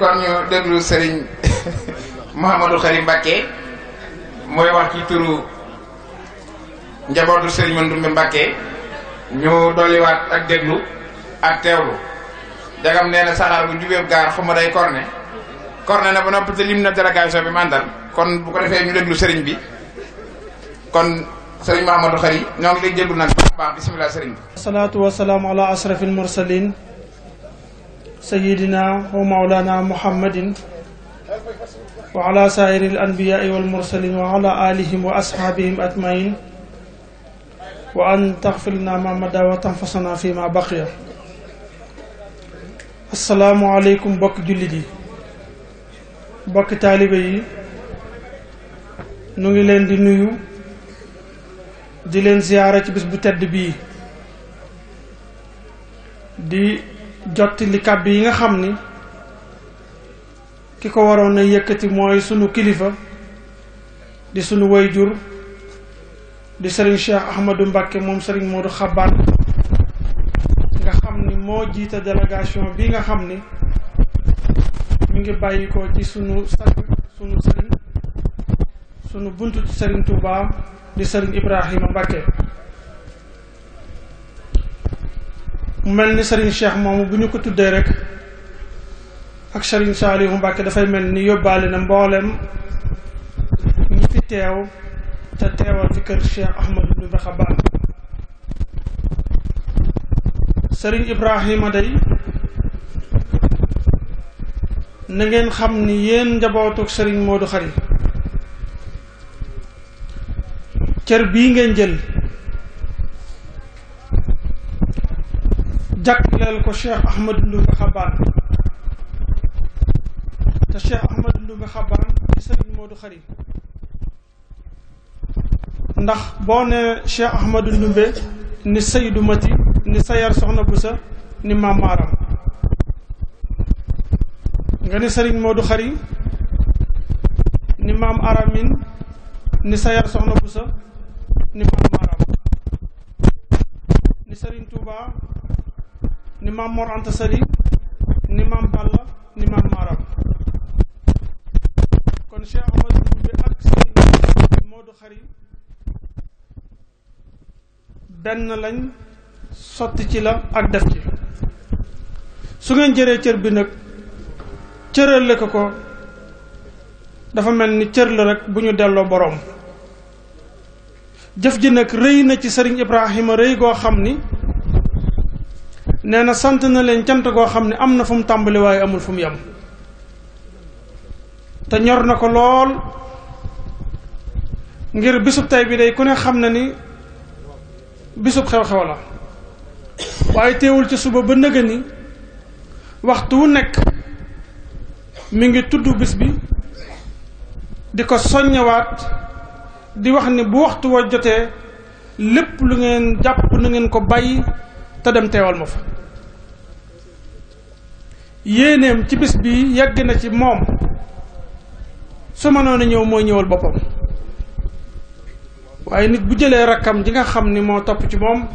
kon ñu déglu sëriñ Mouhamadou Khary Mbacké mooy wax ci turu njabootu sëriñ Mandoumbe Mbacké ñu dolliwaat ak déglu ak teewlu jagam nee na saxaar bu jubeeb gaar xuma day korne korne na ba noppi te lim na délégation bi mandal kon bu ko defee ñu déglu sëriñ bi kon sëriñ Mouhamadou Khary ñoo ngi lay déglu nag baax baax bisimilah sëriñ bi. sayyidina wa mawlana muhammadin wa ala saa'iri al-anbiyaai wa ala wa ashaabihim ajmain wa an taxfir ma mada wa tanfasana fi ma baqiya asalaamualeykum bokk jullit yi bokk taalibe yi nu leen di nuyu di leen ziyaara ci bis bu tedd bii di jotti li kàddu yi nga xam ni ki ko waroon a yëkkati mooy sunu kilifa di sunu wayjur di sëriñ Cheikh Ahmadou Mbacké moom sëriñ Modou Xabaat nga xam ni moo jiite délégation bi nga xam ni mi ngi bàyyi ko ci sunu sëriñ sunu sëriñ sunu buntu sëriñ Touba di sëriñ Ibrahima Mbacké mu mel ni Serigne Cheikh moom bu ñu ko tuddee rek ak Serigne Saliou Mbacke dafay mel ni yóbbaale na mboolem ñi fi teew te teewal fi kër Cheikh Ahmadou Ndoumbe Xabaan Serigne Ibrahima day na xam ni yéen njabootuk Serigne Modou Khary cër bii ngeen jël jagleel ko Cheikh Ahmadou Ndoumbé Xabaan te Cheikh Ahmadou Ndoumbé Xabaan di sëriñ Modou Khari ndax boo ne Cheikh Ahmadou ni Seydou Mati ni Sayar Soxna Busa ni Maam Maaram nga ni sëriñ Modou Khari ni Maam Aramin ni Sayar Soxna Busa ni Maam Maaram ni sëriñ Touba ni maam Mor Anta Sali ni maam Balla ni maam Maram kon Cheikh Ahmadou Bamba ak sëñ benn lañ sotti ci la ak def ci su ngeen jëree cër bi nag cërale ko ko dafa mel ni cër la rek bu ñu delloo boroom jëf ji nag rëy na ci sëriñ Ibrahima rëy goo xam ni nee na sant na leen cant goo xam ne am na fu mu tàmbali waaye amul fu mu yem te ñor na ko lool ngir bisub tey bi day ku ne xam na ni bisub xew-xew la waaye teewul ci suba ba nëga waxtu wu nekk mi ngi tudd bis bi di ko soññewaat di wax ni bu waxtu wa jotee lépp lu ngeen jàpp na ngeen ko bàyyi te dem teewal ma fa yéeneem ci bis bi yàgg na ci moom su mënoon a ñëw mooy ñëwal boppam waaye nit bu jëlee rakkam ji nga xam ni moo topp ci moom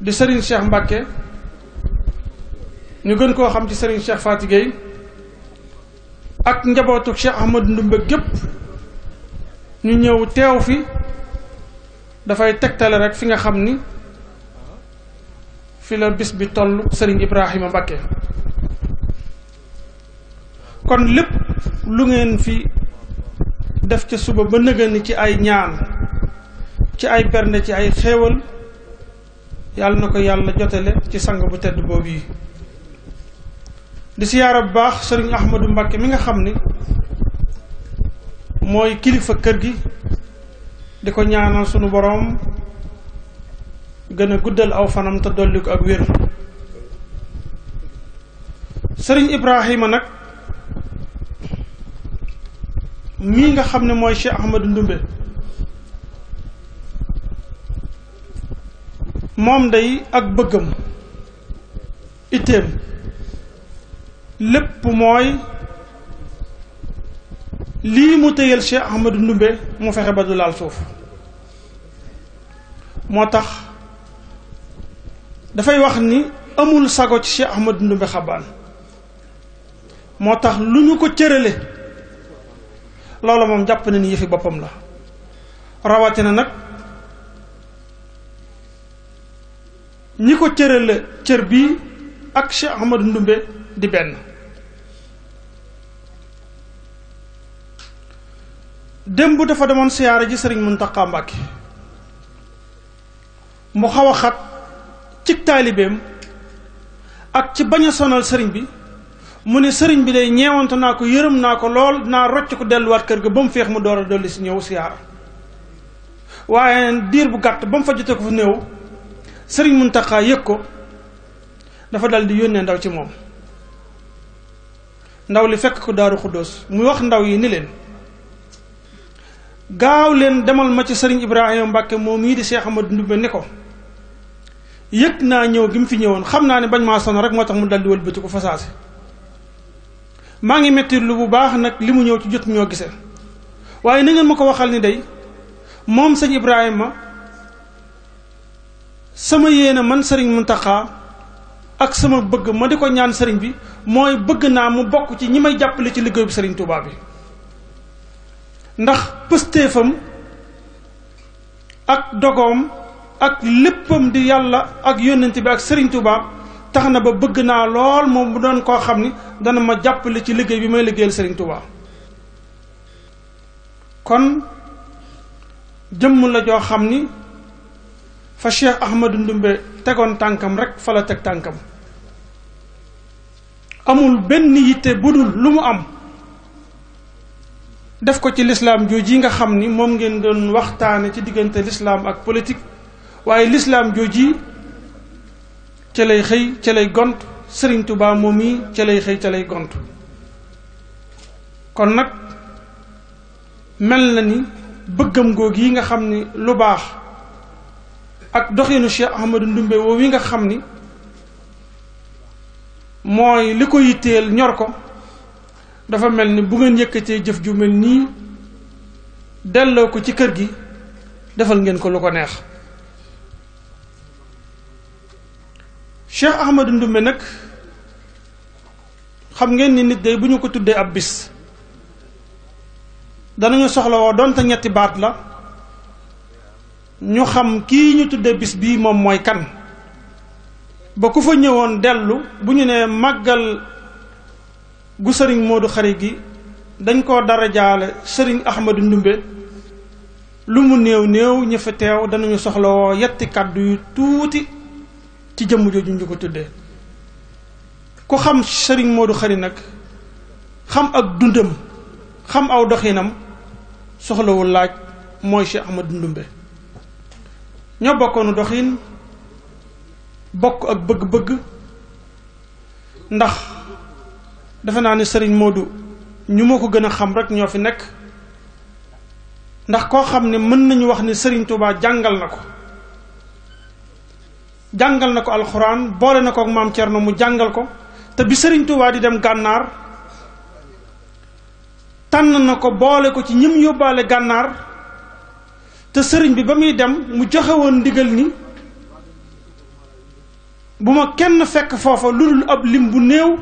di Serigne Cheikh Mbacke ñu gën koo xam ci Serigne Cheikh Faty ak njabootu Cheikh Ahmadou Ndoumbé gépp ñu ñëw teew fi dafay tegtale rek fi nga xam ni fi la bis bi toll Serigne Ibrahima Mbacke kon lépp lu ngeen fi def ca suba ba nëgëni ci ay ñaan ci ay bernde ci ay xéewal yàlla na ko yàlla jotale ci sang bu tedd boobu yi di siyaara bu baax Serigne Ahmadou Mbacke mi nga xam ni mooy kilifa kër gi di ko ñaanal sunu boroom gën a guddal aw fanam te dolli ko ak wér sëriñ Ibrahima nag mii nga xam ne mooy Cheikh Ahmadou Ndumbe moom day ak bëggam itteem lépp mooy lii mu tëyal Cheikh Ahmadou Ndumbe mu fexe ba du laal suuf moo tax dafay wax ni amul sago ci Cheikh Ahmadou Ndoumbé moo tax lu ñu ko cërale loolu moom jàpp na ni yëfi boppam la rawatina nag ñi ko cërale cër bi ak Cheikh Ahmadou Ndoumbé di benn démb dafa demoon siyaare ji sëriñ Muntaqa Mbàkke mu xaw a xat ci taalibeem ak ci bañ sonal sëriñ bi mu ne sëriñ bi day ñeewante naa ko yërëm naa ko lool naa rocc ko delluwaat kër gi ba mu feex mu door a dolli si ñëw siyaara waaye diir bu gàtt ba mu fa ko fu néew sëriñ Muntaxa yëg ko dafa dal di yónnee ndaw ci moom ndaw li fekk ko daaru xuddoos mu wax ndaw yi ni leen gaaw leen demal ma ci sëriñ Ibrahima Mbàkke moom mii di Seex Amadu Ndumbe ni ko yëg naa ñëw gi mu fi ñëwoon xam naa ne bañ maa sonn rek moo tax mu daldi wëlbati ko fasaase maa ngi méttir lu bu baax nag li mu ñëw ci jot ñoo gise waaye nangeen ma ko waxal ni day moom sëñ Ibrahima sama yéene man sëriñ Muntaxa ak sama bëgg ma di ko ñaan sëriñ bi mooy bëgg naa mu bokk ci ñi may jàppale ci liggéeyu sëriñ Tuubaa bi ndax pëstéefam ak dogoom ak léppam di yàlla ak yónnent bi ak Serigne Touba tax na ba bëgg naa lool moom mu doon koo xam ni dana ma jàppale ci liggéey bi may liggéeyal Serigne Touba kon jëmm la joo xam ni fa Cheikh Ahmadou Ndumbe tegoon tànkam rek fa la teg tànkam amul benn yitte dul lu mu am def ko ci lislaam jooju yi nga xam ni moom ngeen doon waxtaane ci diggante lislaam ak politique waaye lislaam jooji ca lay xëy ca lay gont sëriñ tubaa moom yi ca lay xëy ca lay gont kon nag mel na ni bëggam googu yi nga xam ni lu baax ak doxinu Cheikh Ahmadou Ndumbe woowu yi nga xam ni mooy li ko yitteel ñor ko dafa mel ni bu ngeen yëkkatee jëf ju mel nii delloo ko ci kër gi defal ngeen ko lu ko neex Cheikh Ahmadou Ndoumbé nag xam ngeen ni nit day bu ñu ko tuddee ab bis danañu soxla woo donte ñetti baat la ñu xam kii ñu tuddee bis bii moom mooy kan ba ku fa ñëwoon dellu bu ñu nee màggal gu sëriñ Modou Khary gi dañ koo dara jaale sëriñ Ahmadou Ndoumbé lu mu néew néew ña fa teew danañu soxla woo yetti kàddu yu tuuti ci jëmm jooju ñu ko tuddee ku xam sëriñ Modou xari nag xam ak dundam xam aw doxinam soxlawul laaj mooy Cheikh Ahmadou Ndoumbé ñoo bokkoonu doxin bokk ak bëgg-bëgg ndax defe naa ne sëriñ Modou ñu ma ko gën a xam rek ñoo fi nekk ndax koo xam ne mën nañu wax ne sëriñ Touba jàngal na ko jàngal na ko alxuraan boole na ko ak maam Thierno mu jàngal ko te bi Sëriñ Tuubaa di dem gànnaar tànn na ko boole ko ci ñim yóbbaale gànnaar te sëriñ bi ba muy dem mu joxewoon woon ndigal ni bu ma kenn fekk foofa lu dul ab lim bu néew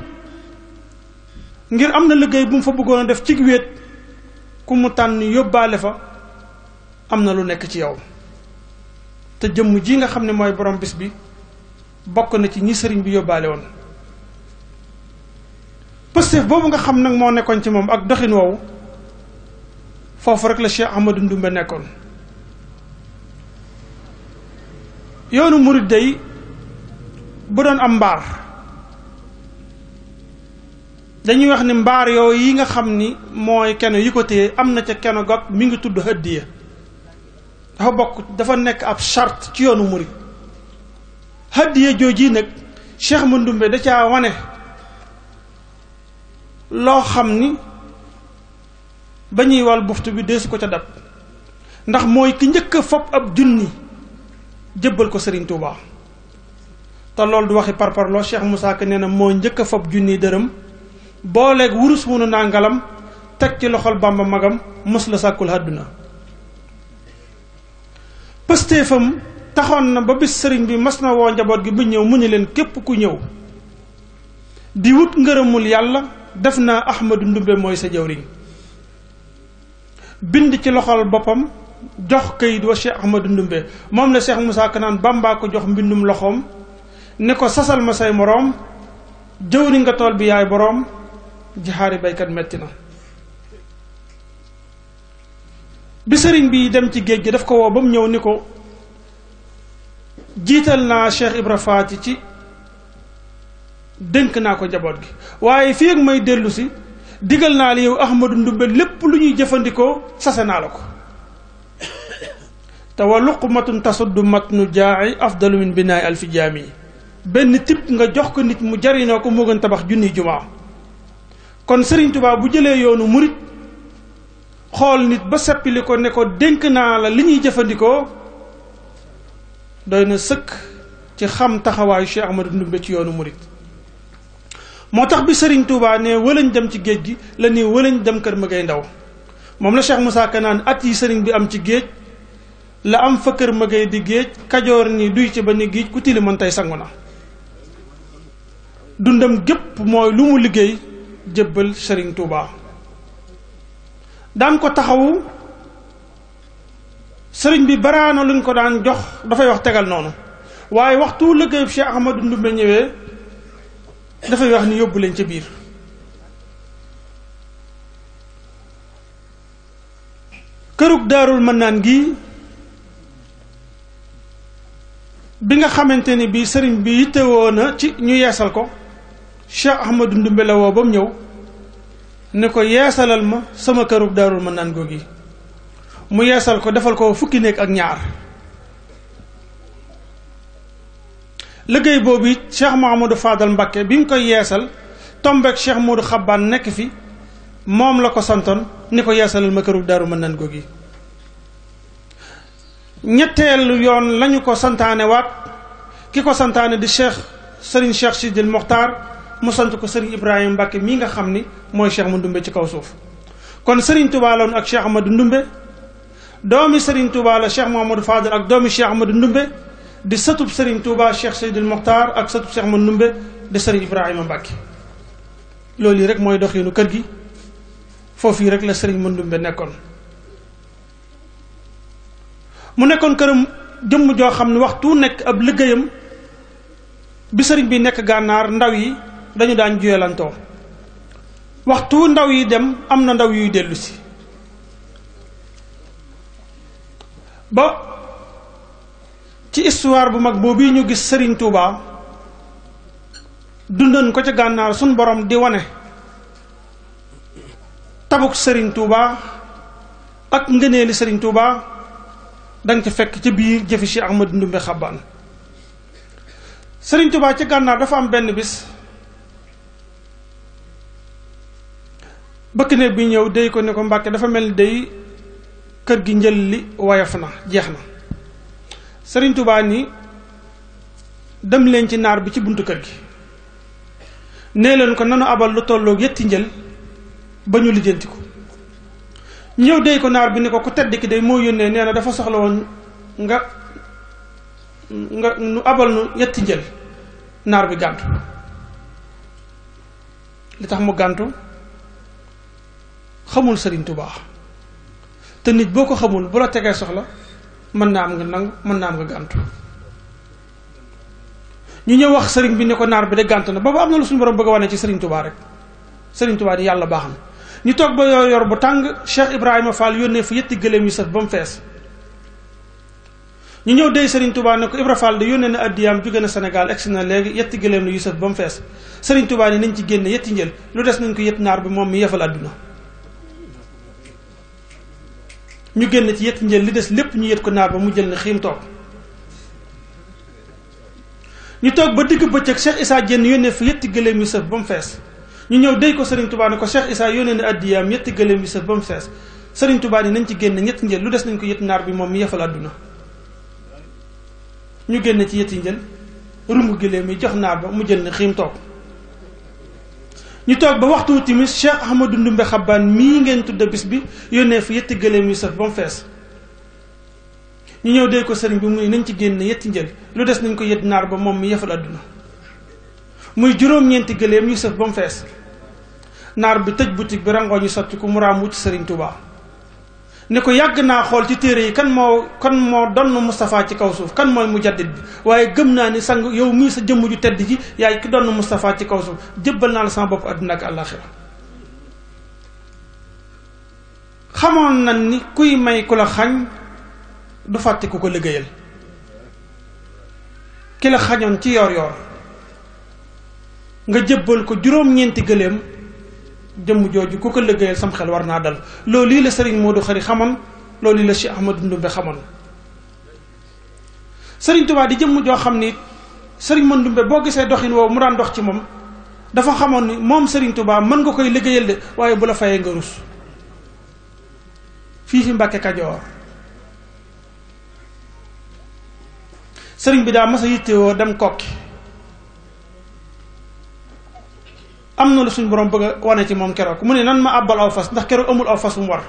ngir am na liggéey bu mu fa bëggoon a def cig wéet ku mu tànn yóbbaale fa am na lu nekk ci yow te jëmm ji nga xam ne mooy borom bis bi bokk na ci ñi sëriñ bi yóbbaale woon pëstef boobu nga xam nag moo nekkoon ci moom ak doxin woowu foofu rek la Cheikh Ahmadou Ndumbe nekkoon yoonu murid day bu doon am mbaar dañuy wax ni mbaar yooyu yi nga xam ni mooy keno yi ko téye am na ca keno gog mi ngi tudd hëddiya dafa bokk dafa nekk ab charte ci yoonu murid hadiya jooji nag Cheikh Mandumbe da caa wane loo xam ni ba ñuy wal buftu bi deesu ko ca dab ndax mooy ki njëkk a fob ab junni jëbbal ko Serigne Touba te loolu du waxi parparloo Cheikh mu Ka nee na moo njëkk a fob junni dërëm booleek wurus wunu nangalam teg ci loxol Bamba magam mës la sàkkul àdduna pëstéefam taxoon na ba bis sëriñ bi mas na woo njaboot gi bu ñëw mu ñu leen képp ku ñëw di wut ngërëmul yàlla def naa Ahmadu Ndumbe mooy sa jawriñ bind ci loxol boppam jox kayit wa Cheikh Ahmadu Ndumbe moom la Cheikh Moussa Ka Bàmbaa ko jox mbindum loxoom ne ko sasal ma say moroom jawriñ nga tool bi yaay boroom jixaari baykat metti na bi sëriñ bi dem ci géej gi daf ko woo ba mu ñëw ni ko jiital naa Cheikh Ibra Faati ci dénk naa ko njaboot gi waaye fi ak may dellu digal naa la yow Ahmadou Ndumbe lépp lu ñuy jëfandikoo sase naa la ko te wa luqmatun tasuddu matnu jaai afdalu min binaay alfi jaami benn tip nga jox ko nit mu jariñoo ko moo gën tabax junni jumaa kon Serigne Touba bu jëlee yoonu murit xool nit ba seppili ko ne ko dénk naa la li ñuy jëfandikoo doy na sëkk ci xam taxawaayu Cheikh Ahmadou Ndumbe ci yoonu murit moo tax bi Serigne Touba ne dem ci géej gi la ne dem kër ma ndaw moom la Cheikh Moussa Ka naan at yi am ci géej la am fa kër di géej kajoor ni duy ci ba géej ku tili man tey sangu na dundam gépp mooy lu mu liggéey jébbal sëriñ Touba daan ko taxawu sëriñ bi baraana luñ ko daan jox dafay wax tegal noonu waaye waxtu lëggéeyub Cheikh Ahmadou Ndoumbé ñëwee dafay wax ni yóbbu leen ca biir kërug daarul mën naan gi bi nga xamante ni bii sëriñ bi yittewoo na ci ñu yeesal ko Cheikh Ahmadou Ndoumbé la woo ba ñëw ne ko yeesalal ma sama kërug daarul mën naan gi mu yeesal ko defal ko fukki néeg ak ñaar liggéey boobu it Cheikh Mouhamadou Fadal Mbacké bi mu koy yeesal tombeek Cheikh Modou Xabbaan nekk fi moom la ko santoon ni ko yeesalal ma këru Daaru Manaan googu yi ñetteelu yoon lañu ko santaane waat ki ko santaane di Cheikh Serigne Cheikh Sidil Mokhtar mu sant ko Serigne Ibrahima Mbacké mii nga xam ni mooy Cheikh mu ndumbe ci kaw suuf kon Serigne Touba la woon ak Cheikh Ndumbe doomi Serigne Touba la Cheikh Mouhamadou Fadel ak doomi Cheikh Amadou Ndumbe di sëtub Serigne Touba Cheikh Seydil Mokhtar ak sëtub Cheikh Amadou Ndumbe di Serigne Ibrahima Mbacke loolu yi rek mooy doxiinu kër gi foofu yi rek la sëriñ Amadou Ndumbe nekkoon mu nekkoon këram jëmm joo xam ne waxtu nekk ab liggéeyam bi sëriñ bi nekk gànnaar ndaw yi dañu daan juyelantoo waxtu ndaw yi dem am na ndaw yuy dellusi ba ci histoire bu mag boobu ñu gis sëriñ Touba dundoon ko ci gànnaar suñ borom di wane tabuk sëriñ Touba ak ngëneeli Serigne Touba danga ca fekk ci biir jëfi Cheikh Ahmadou Ndoumbe Xabbaan Serigne Touba ca gànnaar dafa am benn bis bëkk ne bi ñëw day ko ne ko Mbàkke dafa mel ni day kër gi njël li woyof na jeex na sëriñ ni dem leen ci naar bi ci buntu kër gi nee leen ko nanu abal lu tolloog yetti njël ba ñu lijjanti ko ñëw dey ko naar bi ni ko ku tedd ki day moo yónnee nee na dafa soxla woon nga nu abal nu yetti njël naar bi gàntu li tax mu gàntu xamul sëriñ Tuubaa te nit boo ko xamul bu la tegee soxla mën naa am nga nangu mën naa am nga gàntu ñu ñëw wax sëriñ bi ne ko naar bi de gàntu na boobu am na lu suñu borom bëgg a wane ci sëriñ tubaa rek sëriñ tubaa di yàlla baax na ñu toog ba yor yor bu tàng Cheikh Ibrahima Fall yónnee fa yetti gëléem yu saf ba mu fees ñu ñëw dey Serigne Touba ne ko Ibra Fall de yónnee na addiyaam jóge na senegal egsi na léegi yetti gëléem na Yusuf ba mu fees Serigne Touba ne nañ ci génne yetti njël lu des nañ ko naar bi moom mi yefal àdduna ñu génn ci yett njël li des lépp ñu yët ko naar ba mu jël ne xiim toog ñu toog ba digg bëccëg Cheikh Issa Diène yónnee fa yetti gëléem yu sëf ba mu fees ñu ñëw déy ko Serigne Touba ne ko Cheikh Issa yónnee na addiyaam yetti gëléem yu sëf ba mu fees Serigne Touba yi nañ ci génn ñetti njël lu des nañ ko yët naar bi moom mi yefal àdduna ñu génn ci yetti njël rumb gëléem yi jox naar ba mu jël ne xiim toog ñu toog ba waxtu timis Cheikh Ahmadou Ndumbe Xabbaan mii ngeen tudda bis bi yónnee fi yetti gëléem yu saf ba mu fees ñu ñëw dee ko sëriñ bi mu ne nañ ci génn yetti njëg lu des nañ ko yet naar ba moom mi yefal àdduna muy juróom-ñeenti gëléem yu saf ba fees naar bi tëj boutique bi rangoo ñu sotti ko mu raam wuti sëriñ Touba ne ko yàgg naa xool ci téere yi kan moo kan moo donn Moustapha ci kaw suuf kan mooy mujaddid bi waaye gëm naa ni sang yow mii sa jëmm ju tedd ji yaay ki donn Moustapha ci kaw suuf jëbbal naa la sama bopp àdduna ak àllaaxira xamoon nañ ni kuy may ku la xañ du fàtte ku ko liggéeyal ki la xañoon ci yoor yoor nga jëbbal ko juróom-ñeenti gëléem jëmm jooju ku ko liggéeyal sam xel war naa dal loolu lii la Serigne Modou Khari xamoon loolu yi la Cheikh Ahmadou Ndoumbe xamoon Serigne Touba di jëmm joo xam ni sëriñ Man Ndoumbe boo gisee doxin woo mu daan dox ci moom dafa xamoon ni moom Serigne Touba mën nga koy liggéeyal de waaye bu la fayee nga rus fii fi Mbàkke Kajoor Serigne bi daa mas a yittewoo dem kokki am na lu suñ borom bëgg a wane ci moom keroog mu ne nan ma àbbal aw fas ndax keroog amul aw fas mu war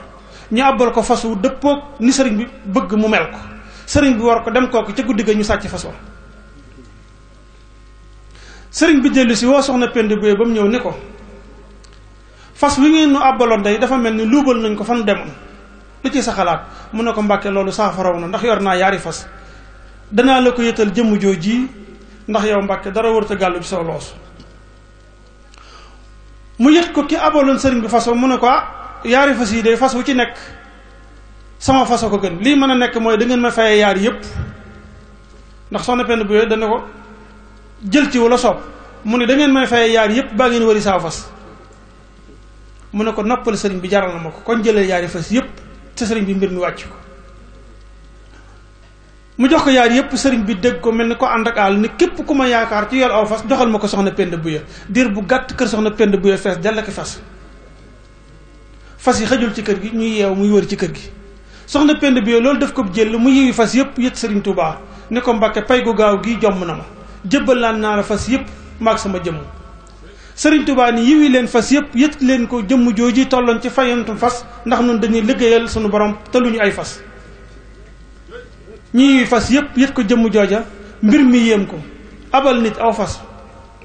ñu àbbal ko fas wu dëppoog ni sëriñ bi bëgg mu mel ko sëriñ bi war ko dem kooku ci guddi ga ñu sàcc fas wa sëriñ bi dellu si woo soxna pend guye ba mu ñëw ni ko fas wi ngeen nu àbbaloon day dafa mel ni luubal nañ ko fan demoon lu ci sa xalaat mu ne ko mbàkke loolu saafaraw ndax yor naa yaari fas danaa la ko yëtal jëmm joo ji ndax yow mbàkke dara wërta gàllu bi mu yët ko ki abaloon sëriñ bi façon mu ne ko ah, yaari fas yi day fas wu ci nekk sama façon ko gën lii mën a nekk mooy da ngeen ma faye yaar yépp ndax soxna penn bu yooyu dana ko jël ci wala soob mu ne da ngeen may faye yaar yépp baa ngeen wari saa fas mu ne ko noppal sëriñ bi jaral na ma ko kon jëlee yaari fas yépp te sëriñ bi mbir mi wàcc ko mu jox ko yaar yëpp sëriñ bi dégg ko mel ni ko ànd ak àll ni képp ku ma yaakaar ci yor aw fas joxal ma ko soxna pend bu ya diir bu gàtt kër soxna pend bu ya fees dell ki fas fas yi xajul ci kër gi ñuy yeew muy wër ci kër gi soxna pend bu ya loolu daf ko jël mu yiwi fas yëpp yët sëriñ Tuubaa ne ko Mbàkke pay gu gaaw gii jomm na ma jëbbal laan naa la fas yëpp maag sama jëmm sëriñ Tuubaa ni yiwi leen fas yëpp yët leen ko jëmm jooji tolloon ci fayantu fas ndax nun dañuy liggéeyal suñu borom te ay fas ñuy fas yëpp yët ko jëmm jooja mbir mi yéem ko abal nit aw fas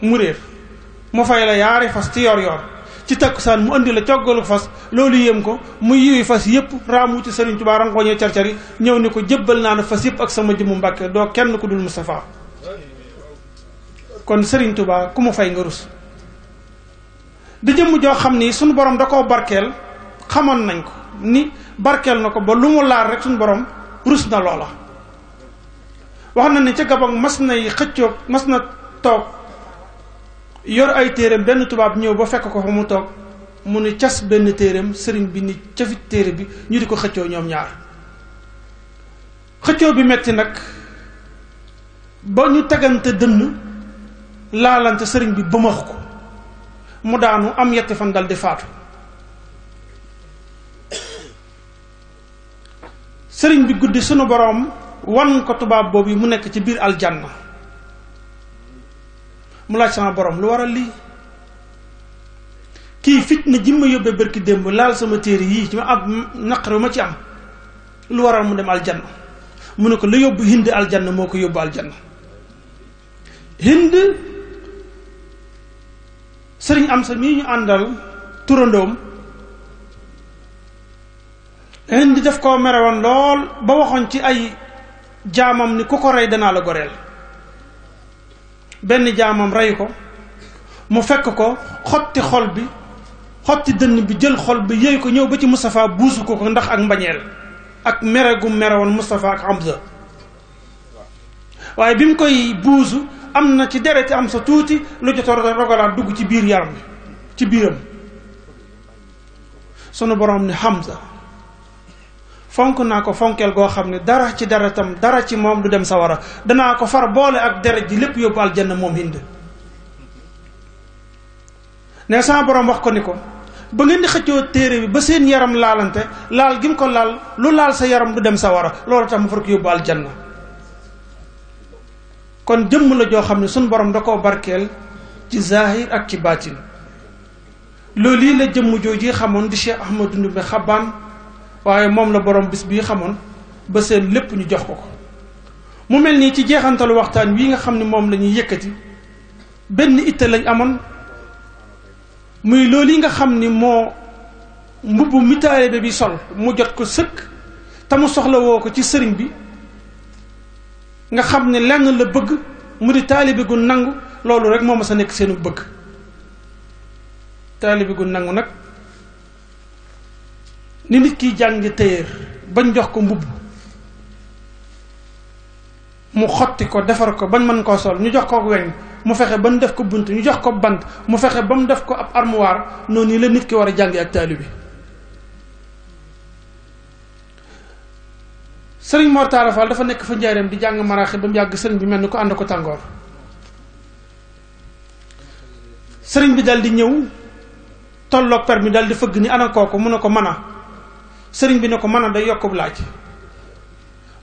mu réer mu fay la yaari fas ci yor yor ci takkusaan mu indi la coggalu fas loolu yéem ko mu yiwi fas yëpp raamu ci Sëriñ Tuubaa rangoñee carcar yi ñëw ni ko jëbbal naa na fas yëpp ak sama jëmmu Mbàkke doo kenn ku dul Moustapha kon Sëriñ Tuubaa ku mu fay nga rus di jëmm joo xam ni suñu borom da koo barkeel xamoon nañ ko ni barkeel na ko ba lu mu laal rek suñu borom rus na loola wax na ni ca Gabon mas nay xëccoog mas na toog yor ay téereem benn tubaab ñëw ba fekk ko fa mu toog mu ni cas benn téereem sëriñ bi ni cafit téere bi ñu di ko xëccoo ñoom ñaar xëccoo bi metti nag ba ñu tegante dënn laalante sëriñ bi bëmax ko mu daanu am yetti fan dal di faatu sëriñ bi guddi sunu borom wan ko tubaab boobu mu nekk ci biir aljanna mu laaj sama borom lu waral lii kii fitna ji ma yóbbee bërki démb laal sama téere yii ci ma am naqar ma ci am lu waral mu dem aljanna mu ne ko la yóbbu hind aljanna moo ko yóbbu aljanna hind sëriñ am sa mii ñu àndal turandoom hind daf koo merewoon lool ba waxoon ci ay jaamam ni ku ko rey danaa la goreel benn jaamam rey ko mu fekk ko xotti xol bi xotti dënn bi jël xol bi yéey ko ñëw ba ci Moustapha buusu ko ko ndax ak mbañeel ak mere gu mere woon ak Hamza waaye bi mu koy buusu am na ci dereti am sa tuuti lu jot rogalaat dugg ci biir yaram ci biiram sunu borom ni Hamza fonk naa ko fonkeel goo xam ne dara ci dara tam dara ci moom du dem sawara danaa ko far boole ak deret ji lépp yóbbu aljanna moom hind ne sama borom wax ko ni ko ba ngeen di xëccoo téere bi ba seen yaram laalante laal gi ko laal lu laal sa yaram du dem sawara loolu tax mu far ko yóbbu aljanna kon jëmm la joo xam ne suñ borom da koo barkeel ci zahir ak ci baatin loolu yi la jëmm jooju xamoon di Cheikh Ahmadou Ndoumbe Xabaan waaye moom la borom bis bii xamoon ba seen lépp ñu jox ko ko mu mel nii ci jeexantalu waxtaan wii nga xam ne moom la ñuy yëkkati benn itte lañ amoon muy loolu yi nga xam ni moo mbubb mi taalibe bi sol mu jot ko sëkk te mu soxlawoo ko ci sëriñ bi nga xam ne lenn la bëgg mu di taalibe gu nangu loolu rek moo ma sa nekk seenu bëgg taalibe gu nangu nag ni nit kiy jàng téyeer bañ jox ko mbubb mu xotti ko defar ko bañ mën koo sol ñu jox ko weñ mu fexe ba mu def ko bunt ñu jox ko bant mu fexe ba mu def ko ab armoire noonu la nit ki war a jànge ak taalibe sëriñ Mor Talla dafa nekk fa njaareem di jàng maraaxi ba mu yàgg sëriñ bi mel ni ko ànd ko tàngoor sëriñ bi dal di ñëw tolloog permi dal di fëgg ni ana kooku mun a ko mën a sëriñ bi ne ko mën a day yokkub laaj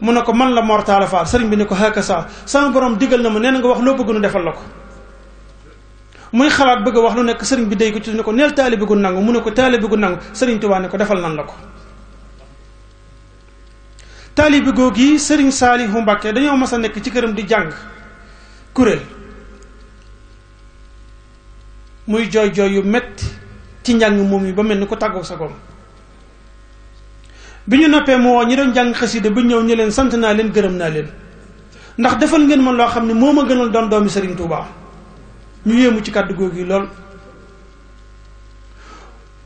mu ne ko man la mortaala faal sëriñ bi ne ko xëkk saa sama borom digal na ma nee na nga wax loo bëgg nu defal la ko muy xalaat bëgg a wax lu nekk sëriñ bi dey ko ci ne ko neel taalibe gu nangu mu ne ko taalibe gu nangu sëriñ Tuubaa ne ko defal nan la ko taalibe googu yi sëriñ Saalihu Mbàkke dañoo mas a nekk ci këram di jàng kurél muy jooy jooy yu metti ci njàng moom yi ba mel ni ko tàggoo sa goom bi ñu noppee mu woo ñi doon jàng xasida ba ñëw ñu leen sant naa leen gërëm naa leen ndax defal ngeen man loo xam ne moo ma gënal doon doomi Serigne Touba ñu yéemu ci kàddu googu lool.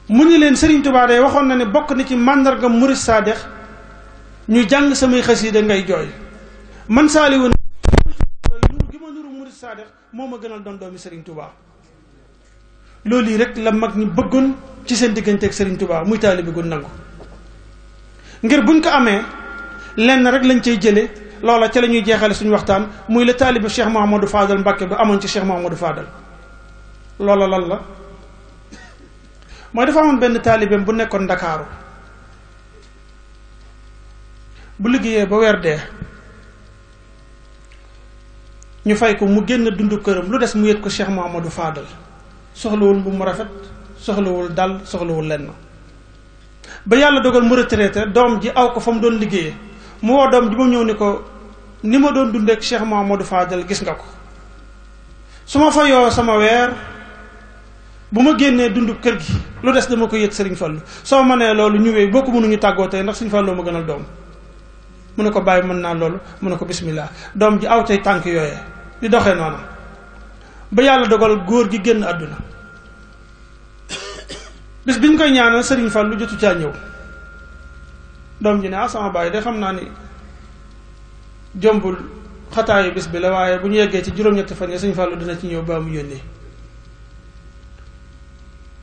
mu leen Serigne Touba waxoon na ne bokk na ci màndarga murid saadex ñu jàng samay xasida ngay jooy man saali woon nuru gi ma nuru murid saadex moo ma gënal doon doomi Serigne Touba loolu yi rek la mag ñi bëggoon ci seen digganteeg Serigne Touba muy taalibe gu nangu. ngir buñ ko amee lenn rek lañ cay jëlee loola ca lañuy jeexale suñu waxtaan muy la taalibu Cheikh Mouhamadou Fadal Mbacke bi amoon ci Cheikh Mouhamadou Fadal loola lan la mooy dafa amoon benn taalibeem bu nekkoon ndakaaru bu liggéeyee ba weer dee ñu fay ko mu génn dundu këram lu des mu yët ko Cheikh Mouhamadou faadal soxlawul bu rafet soxlawul dal soxlawul lenn ba yàlla dogal mu retraité doom ji aw ko fa mu doon liggéeyee mu woo doom ji ba mu ñëw ni ko ni ma doon dundee ak Cheikh Mouhamadou Fadel gis nga ko su ma fayoo sama weer bu ma génnee dundub kër gi lu des dama ko yët Serigne Fallou soo ma nee loolu ñu wéy boo ko mënuñu tàggoo tey ndax fan Fallou ma gënal doom mun ne ko bàyyi mën naa loolu mun ne ko bismillah doom ji aw tey tànk yooyee di doxee noonu ba yàlla dogal góor gi génn àdduna bis biñ koy ñaanal sëriñ lu jotu caa ñëw doom ji ne ah sama baay de xam naa ni jombul xataayu bis bi la waaye bu ñu yeggee ci juróom-ñetti fan yi sëriñ ñëw baa mu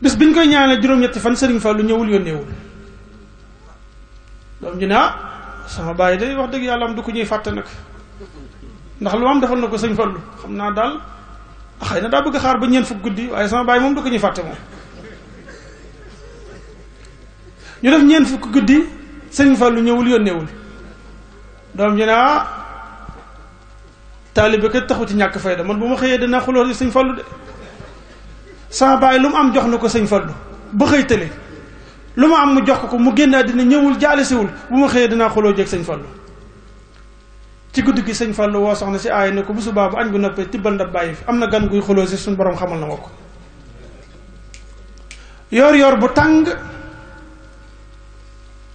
biñ koy ñaanal juróom-ñetti fan sëriñ Fallou ñëwul yónneewul doom ji ne ah sama baay de wax dëgg yàlla am du ko ñuy fàtte nag ndax lu am defal na ko sëriñ Fallou xam naa daal xëy na daa bëgg xaar ba ñeent fukk guddi waaye sama baay moom du ko ñuy fàtte moom. ñu def ñeent fukk guddi sëñ Fallu ñëwul yónneewul doom ñu ne ah taalibe kat taxu ci ñàkk fayda man bu ma xëyee dinaa xuloo di sëñ Fallu de sama baay lu mu am jox na ko sëñ Fallu ba xëy tële lu ma am mu jox ko ko mu génn dina ñëwul jaalisiwul bu ma xëyee dinaa xuloo jeeg sëñ Fallu ci guddi gi sëñ Fallu woo soxna si aay ne ko bu subaa bu añ bu noppee tibbal ndab bàyyi fi am na gan guy xuloo suñ borom xamal na ma ko yoor yoor bu tàng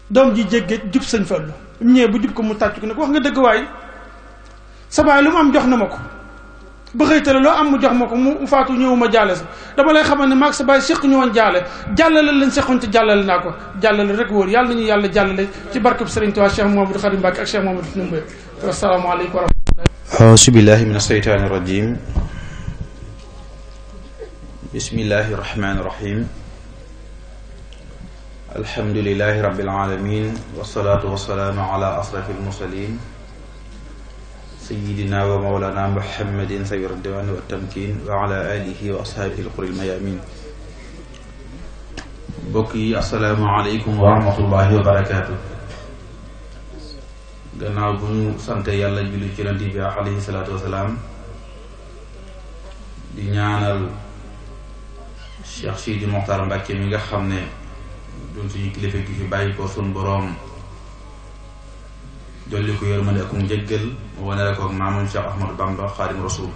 doom ji jégge jub sëñ Fallu ñee bu jub ko mu tàcc ko ne ko wax nga dëgg waay sa baay lu mu am jox na ma ko ba xëytale loo am mu jox ma ko mu faatu ñëwuma jaale sa dama lay xamal ne maag sa baay ñu woon jaale jàllale lañ séqoon te jàllale naa ko jàllale rek wóor yàlla nañu yàlla jàllale ci barkab Sëriñ Tuubaa Cheikh Mouhamadou Khadim Mbacké ak Cheikh Mouhamadou Numbe wassalaamu aleykum wa rahmatullahi auzu billahi min asheytaani rajim bismillahi rahmaani alhamdulilahi rabbil alamin wasalaatu wasalaamu ala asrafi almursalin sayidina wa mawlana muhammadin sayyid diwaan wa tamkin wa ala alihi wa ashaabihi alquril mayamin mbokk yi asalaamu aleykum wa rahmatullahi wa barakaatu gannaaw bu ñu sante yàlla julli ci yonent bi alayhi salaatu wasalaam di ñaanal Cheikh Sidi Moxtar Mbàkke mi nga xam ne doon suñu kilifa gi fi bàyyi ko sun boroom dolli ko yërmande ak mu jéggal mu wane la ko ak maamam Cheikh Ahmadou Bamba xaadim rasul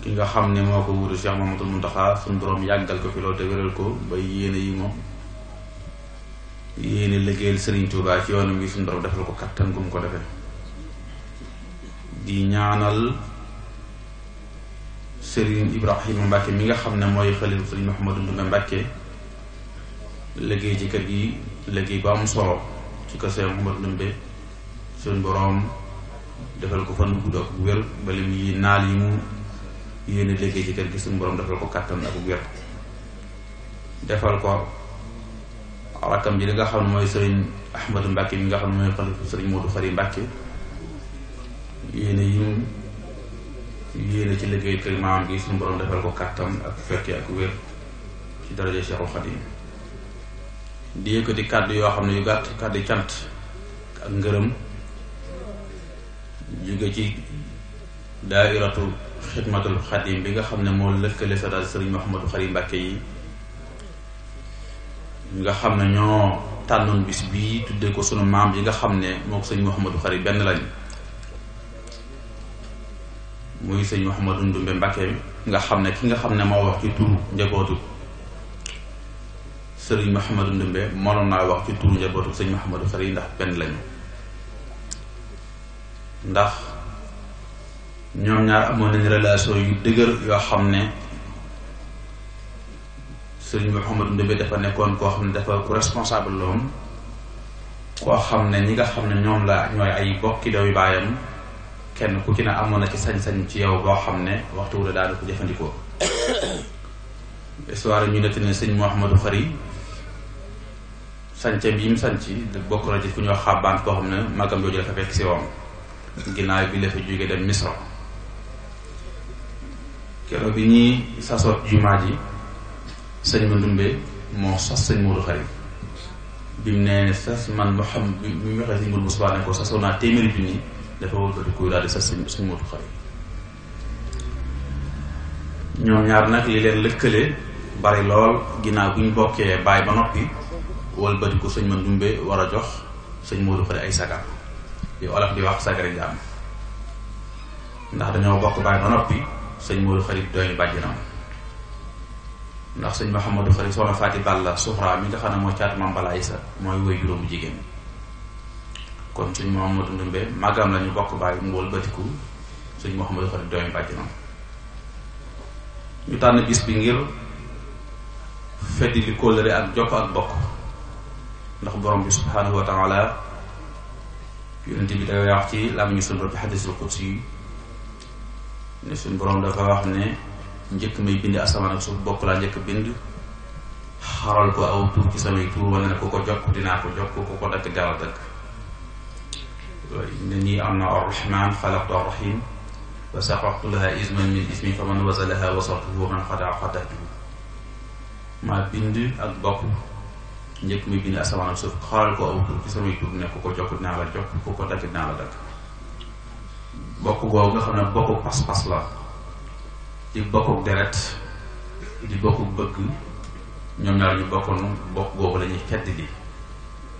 ki nga xam ne moo ko wutu Cheikh Mamadou Muntaxa sun boroom yàggal ko fi loolu te wéral ko ba yéene yi moom yéene liggéeyal Sëriñ Tuubaa ci yoonam wi suñu borom defal ko kattan gu mu ko defee di ñaanal Sëriñ Ibrahima Mbàkke mi nga xam ne mooy xalifa Sëriñ Mahamadou Ndumbe Mbàkke liggéey ci kër gi liggéey ba am solo ci kër Seex Muhammadu Ndumbe suñ boroom defal ko fan bu gudd ak bu wér ba lim yi naal yi mu yéene liggéey ci kër gi suñ boroom defal ko kàttan ak bu wér ko rakkam ji li nga xam mooy sëriñ Ahmadou Mbàkke nga xam ne mooy xalifu sëriñ Moodu Xari Mbàkke ci liggéey kër maam gi suñu ak fekke ak wér di yëkkati kàddu yoo xam ne yu gàtt kàddu cant ak ngërëm jóge ci daa daairatu xidmatul xadim bi nga xam ne moo lëkkale sa daal sëriñ Mouhamadou Khari Mbàkke yi nga xam ne ñoo tànnoon bis bii tuddee ko sunu maam yi nga xam ne moo ko sëñ Mouhamadou Khari benn lañ muy sëñ Mouhamadou Ndumbe Mbàkke nga xam ne ki nga xam ne moo wax ci turu njabootu sëriñ Mahamadou Ndumbe mënoon naa wax ci turu njabootu sëñ Mahamadou Sari ndax benn lañu ndax ñoom ñaar amoon nañu relation yu yoo xam ne sëriñ Mahamadou Ndumbe dafa nekkoon koo xam ne dafa ku responsable la koo xam ne ñi nga xam ne ñoom la ñooy ay bokki doomi baayam kenn ku ci ne amoon na ci sañ-sañ ci yow boo xam ne waxtu wu la daal ko jëfandikoo histoire ñu nettali ne sëñ Mouhamadou Khari sànce yi mu sànc bokk na ci ku ñuy wax xaabaan koo xam ne magam jooju dafa fekk si woon ginnaaw bi la fa jóge dem misra keroog bi ñuy sasoo jumaa ji sëñ ma ndumbe moo sas sëñ Moodu Xari bi mu nee sas man Muhammad bi mu waxee ko sasoo naa téeméeri junni dafa wëlbati kuy daal di sas sëñ sëñ Moodu Xari ñoom ñaar nag li leen lëkkale bari lool ginnaaw bu ñu bokkee bàyyi ba noppi walbati ko sëñ war a jox sëñ Modou Khari ay dañoo bokk noppi sëñ Modou Khari sëñ Mouhamadou Khari soxna Faati moo caatu Mame Balla Aïssa mooy na ñu bokk bàyyi mu sëñ Mouhamadou Khari ñu tànn bis bi ngir feddi li kóllëre ak jokk ak bokk ndax borom bi subhaanahu wa taala yonent bi day wax ci làmmiñu suñu borom bi xadisul qudsi yi ne suñu borom dafa wax ne njëkk may bind asamaan ak suuf bopp laa njëkk bind xaral ko aw tuur ci samay tuur wala ne ku ko jokk dinaa ko jokk ku ko dakk jaral dakk ne nii am na arrahman xalaqtu arrahim wa saqaqtu laha isman min ismi fa man wasalaha wasatuhu man xadaa xadatuhu maa bind ak bopp njëkk muy bind asamaan ak suuf xoolal ko aw tur ci samay tur ne ku ko jokk dinaa la jokk ku ko dagg dinaa la dagg bokk googu nga xam ne bokku pas-pas la di bokku deret di bokku bëgg ñoom ñaar ñu bokk googu la ñuy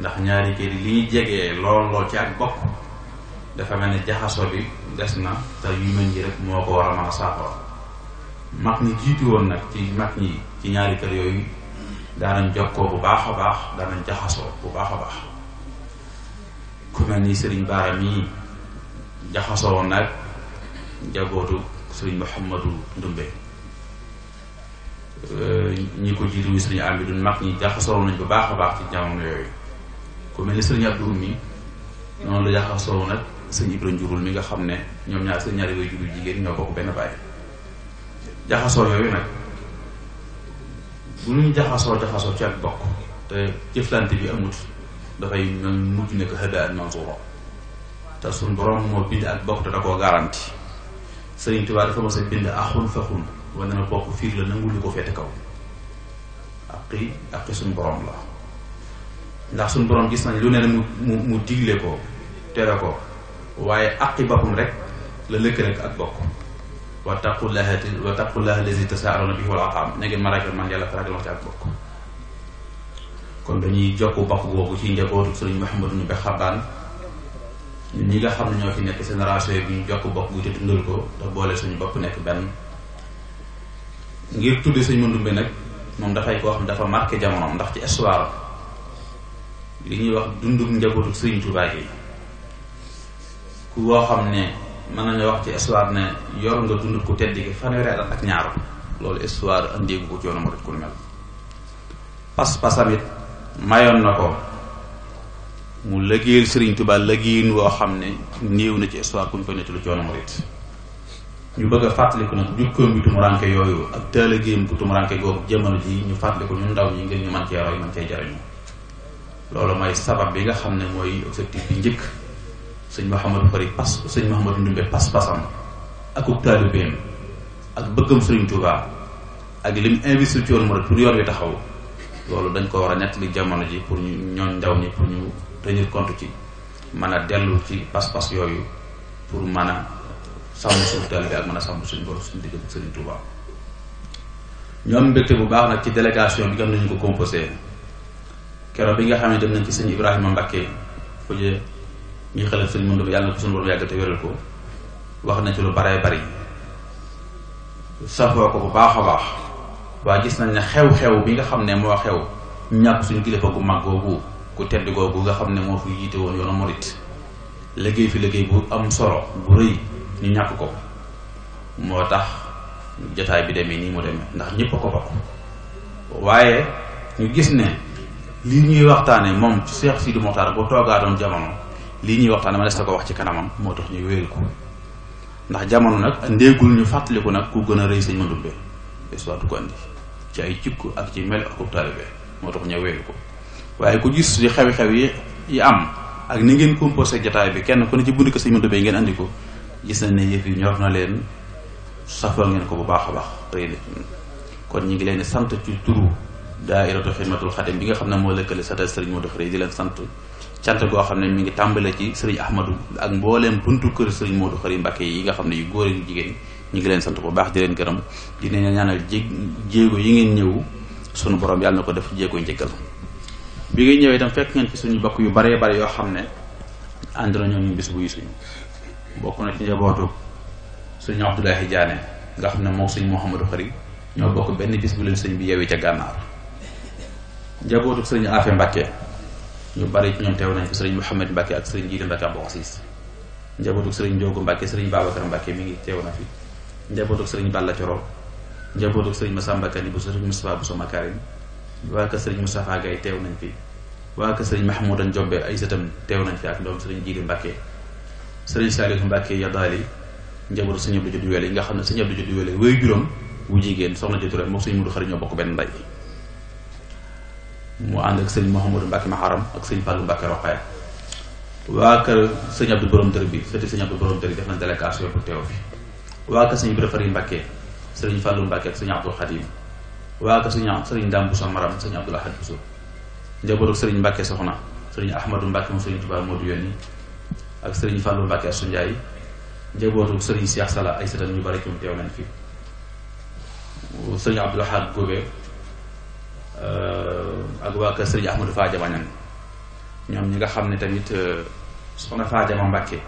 ndax ñaari kër li ñu jegee lool ci ak bokk dafa mel ne jaxaso bi des na te yu moo ko war a mën a saafara mag ñi jiitu woon nag ci mag ñi ci ñaari kër yooyu daanañ jokkoo bu baax a baax daanañ jaxasoo bu baax a baax ku ni sëriñ Baara mii jaxasoo nag njabootu sëriñ Mouhamadou Ndumbe euh, ñi ko jiitu muy sëriñ Amidou mag ñi jaxasoo nañ bu baax a baax ci jamono yooyu ku ni sëriñ Abdou mi noonu la jaxasoo nag sëriñ Ibrahima mi nga xam ne ñoom ñaar sëriñ ñaari way juru jigéen ñoo bokk benn bàyyi jaxasoo yooyu nag bu ñuy jaxasoo jaxasoo ci ak bokk te jëflante bi amut dafay mujj nekk hëdda ak mansuura te suñ borom moo bind ak bokk te da garanti Sëriñ Tuubaa dafa mos a bind axun faxun wane na bokk fiir la nangu ko fete kaw aqi aqi suñ borom la ndax suñ borom gis nañ lu ne mu mu mu digle ko tere ko waaye aqi boppam rek la lëkk rek ak bokk wattaqullaha wattaqullaha allazi tasaaluna bihi wal arham ne ngeen ma ragal man yàlla ragal wax ci ak bokk kon dañuy jokku bokk googu ci njabootu sëriñ Mouhamadou ñu ba xabaan ñun ñi nga xam ne ñoo fi nekk génération bi ñu jokk bokk gu te dundal ko te boole suñu bopp nekk benn ngir tudde sëñ Mandumbe nag moom dafay koo xam dafa marqué jamonoom ndax ci histoire li ñuy wax dundum njabootu sëriñ Tuubaa yi ku woo xam ne mën nañoo wax ci histoire ne yor nga dund ku tedd gi fanweeri at ak ñaar loolu histoire andiigu ko ci yoonu murit ku mel pas-pasam it mayoon na ko mu lëggéeyal Sëriñ Tuubaa lëggéeyin woo xam ne néew na ci histoire ku ñu koy nettalu ci yoonu murit ñu bëgg a fàttaliku nag jukkoom bi tumuranke yooyu ak taalagéem bu tumuranke googu jamono ji ñu fàttaliku ñu ndaw ñi ngir ñu mën cee roy mën cee jariñu loolu mooy sabab bi nga xam ne mooy objectif bi njëkk sëñ Mouhamadou Fari pas sëñ Mouhamadou Ndumbe pas-pasam ak ub taalibeem ak bëggam sëriñ Touba ak lim investir ci yoonu Mouride pour yoon taxaw loolu dañ ko war a li jamono ji pour ñu ñoon ndaw ñi pour ñu tenir compte ci mën a dellu ci pas-pas yooyu pour mën a sàmm a sàmm suñu borom suñu digg ak sëriñ baax nag ci délégation bi nga xam ne composé keroog bi nga xam ne dem nañ ci sëñ Ibrahima Mbacké fuje ñuy xelal sëñ Moundou yàlla na ko suñu borom yàgg te wéral ko wax na ci lu bare bari safoo ko bu baax a baax waaye gis nañ ne xew-xew bi nga xam ne moo xew ñàkk suñu kilifa gu mag googu ku tedd googu nga xam ne moo fi yiite woon yoonu Morit liggéey fi liggéey bu am solo bu rëy ñu ñàkk ko moo tax jotaay bi demee nii mu demee ndax ñëpp ko bokk waaye ñu gis ne lii ñuy waxtaane moom ci Cheikh Sidi Mokhtar bu toogaatoon jamono. lii ñuy waxtaan ma des ko wax ci kanamam moo tax ñuy wéyal ko ndax jamono nag ndéegul ñu fàttaliku nag ku gën a rëy sëñ Mandoumbe bés waatu ko andi ci ay jikko ak ci mel ak taalibe moo tax ñu wéyal ko waaye ku gis li xew-xew yi yi am ak ni ngeen composé jataay bi kenn ku ne ci bundi ko sëñ Mandoumbe ngeen andi ko gis nañ ne yëf yi ñor na leen safoo ngeen ko bu baax a baax rëy na kon ñu ngi leen di sant ci turu daairatu xidmatul xadim bi nga xam ne moo lëkkale sata sëriñ moo def rëy di leen sant cant goo xam ne mi ngi tàmbale ci sëriñ Ahmadou ak mbooleem buntu kër sëriñ Modou Khary Mbacké yi nga xam ne yu góor yu jigéen ñu ngi leen sant bu baax di leen gërëm di leen ñaanal jé jéego yi ngeen ñëw sunu borom yàlla na ko def jéego njëkkal bi ngeen ñëwee itam fekk ngeen ci suñu bokk yu baree bare yoo xam ne ànd nañoo ñu bis buy suñu bokk na ci njabootu suñu Abdoulaye Diané nga xam ne moom suñu Mouhamadou Khary ñoo bokk benn bis bu leen sëñ bi yeewee ca gànnaar sëñ Afé Mbacké ñu bari ci ñoom teew nañ ko sëriñ Mouhamed Mbacke ak sëriñ Jiite Mbacke Abdou Aziz njabootu sëriñ Ndiogu Mbacke sëriñ Babacar mi ngi teew na fi njabootu sëriñ Balla Coro njabootu sëriñ Massamba Kani bu sëriñ Moustapha bu sama Karim waa kër sëriñ Moustapha Gaye teew nañ fi waa kër sëriñ Mahmoudan Jobbe ay sëtam teew nañ fi ak doom sëriñ Jiite Mbacke sëriñ Saliou Mbacke Yadaali njabootu sëriñ Abdou Judd Wele yi nga xam ne sëriñ Abdou Judd Wele wéy jigéen soxna ji Touré moom sëriñ Mudu Xari ñoo bokk mu ànd ak sëñ Mouhamadou Mbacke Maharam ak sëñ Fallou Mbacke Rokhaya waa kër sëñ Abdou Borom Dër bi sëti sëñ Abdou Borom Dër bi def na délégation pour teew fi waa kër sëñ Ibra Fari Mbacke sëriñ Fallou Mbacke ak sëñ Abdou Khadim waa kër sëriñ Dame Bousso Maram sëriñ Mbacke soxna sëriñ Ahmadou Mbacke moom ak sëriñ Fallou Mbacke Assou Ndiaye njabootu sëriñ ay sëtam ñu bari ci mu Euh, ak waa kër sëriñ Ahmadou Fadiama Niang ñoom ñi nga xam ne tamit euh, soxna Fadiama Mbàkke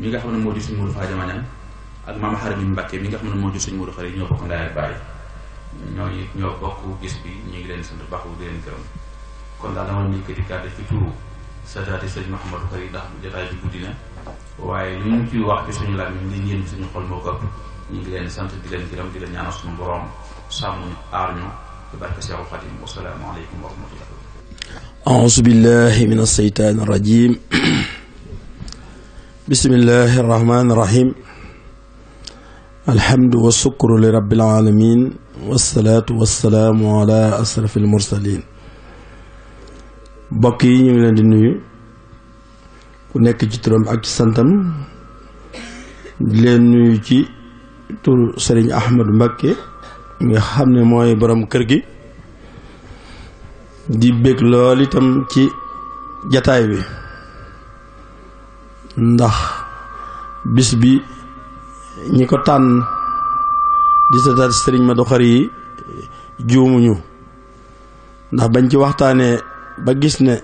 mi nga xam ne moo di suñ Modou Fadiama Niang ak maam Xarim Mbàkke mi nga xam ne moo di suñ Modou Xarim ñoo bokk ndaay ak bàyyi ñoo it ñoo bokk gis bi ñu ngi leen sant baaxu di leen gërëm kon daal dama ñu yëkkati kàddu ci turu sadaati sëriñ Mouhamadou Xarim bi guddi na waaye li ñu ciy wax ci suñu làmmiñ li ngeen suñu xol moo ko ñu ngi leen sant di leen gërëm di leen ñaanal suñu borom sàmm aar ñu barke Seexul Xadiim wassalaamu aleykum wa rahmatullah auzu billahi min alseytaan irrajim bismillahi irrahmani irrahim alhamdu wasukru li rabbil alamin wassalaatu wassalaamu ala asrafi almursalin mbokk yi ñu ngi leen di nuyu ku nekk ci turam ak ci santam leen nuyu ci tur Sëriñ Ahmadu Mbakke nga xam ne mooy borom kër gi di bég lool itam ci jataay bi ndax bis bi ñi ko tànn di sataat sëriñ Madou Khary yi juumuñu ndax bañ ci waxtaanee ba gis ne